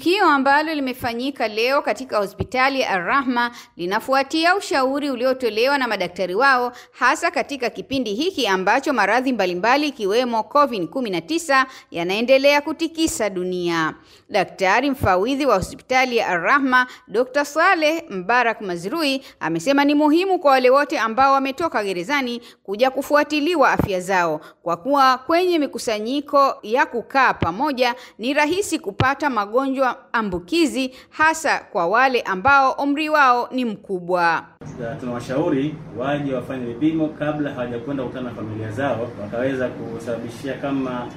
Tukio ambalo limefanyika leo katika hospitali ya arrahma rahma linafuatia ushauri uliotolewa na madaktari wao hasa katika kipindi hiki ambacho maradhi mbalimbali ikiwemo COVID-19 yanaendelea kutikisa dunia. Daktari mfawidhi wa hospitali ya arrahma rahma Dr. Saleh Mbarak Mazrui amesema ni muhimu kwa wale wote ambao wametoka gerezani kuja kufuatiliwa afya zao kwa kuwa kwenye mikusanyiko ya kukaa pamoja ni rahisi kupata magonjwa ambukizi hasa kwa wale ambao umri wao ni mkubwa tunawashauri waje wafanye vipimo kabla hawajakwenda kukutana na familia zao, wakaweza kusababishia kama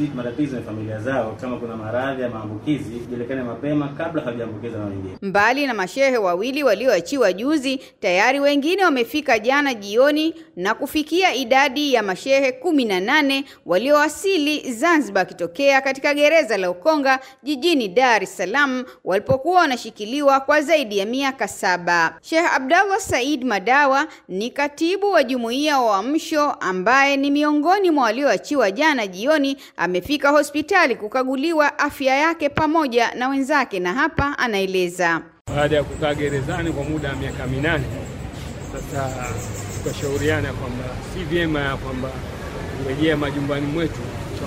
eh, matatizo ya familia zao, kama kuna maradhi ya maambukizi ijulikane mapema kabla hawajaambukiza na wengine. Mbali na mashehe wawili walioachiwa juzi, tayari wengine wamefika jana jioni na kufikia idadi ya mashehe kumi na nane waliowasili Zanzibar wakitokea katika gereza la Ukonga jijini Dar es Salaam walipokuwa wanashikiliwa kwa zaidi ya miaka saba. Sheikh Abdallah Abdallah Said Madawa ni katibu wa Jumuiya wa Uamsho ambaye ni miongoni mwa walioachiwa jana jioni, amefika hospitali kukaguliwa afya yake pamoja na wenzake, na hapa anaeleza. Baada ya kukaa gerezani kwa muda wa miaka minane, sasa tukashauriana kwamba si vyema ya kwamba kurejea majumbani mwetu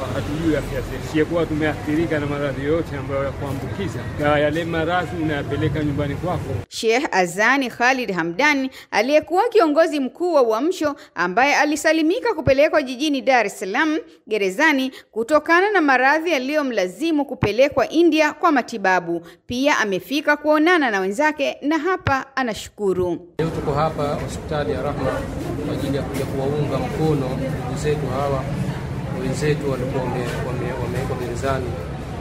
hatujui afya zetu, siyekuwa tumeathirika na maradhi yoyote ambayo ya kuambukiza, na yale maradhi unayapeleka nyumbani kwako. Sheikh Azani Khalid Hamdani aliyekuwa kiongozi mkuu wa Uamsho ambaye alisalimika kupelekwa jijini Dar es Salaam gerezani kutokana na maradhi yaliyomlazimu kupelekwa India kwa matibabu. Pia amefika kuonana na wenzake na hapa anashukuru. Leo tuko hapa hospitali ya Rahma kwa ajili ya kuja kuwaunga mkono ndugu zetu hawa wenzetu walikuwa wamewekwa gerezani.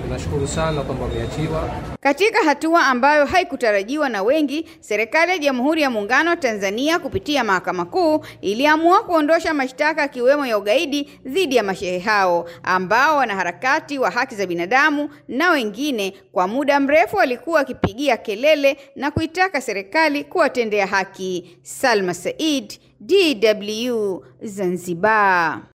Tunashukuru sana kwamba wameachiwa. Katika hatua ambayo haikutarajiwa na wengi, serikali ya Jamhuri ya Muungano wa Tanzania kupitia Mahakama Kuu iliamua kuondosha mashtaka akiwemo ya ugaidi dhidi ya mashehe hao ambao wanaharakati wa haki za binadamu na wengine kwa muda mrefu walikuwa wakipigia kelele na kuitaka serikali kuwatendea haki. Salma Said, DW, Zanzibar.